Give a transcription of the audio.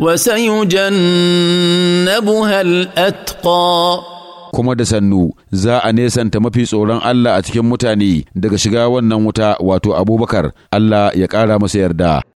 وسيجنبها الأتقى kuma da sannu za a nesanta mafi tsoron Allah a cikin mutane daga shiga wannan wuta wato abubakar Allah ya ƙara masa yarda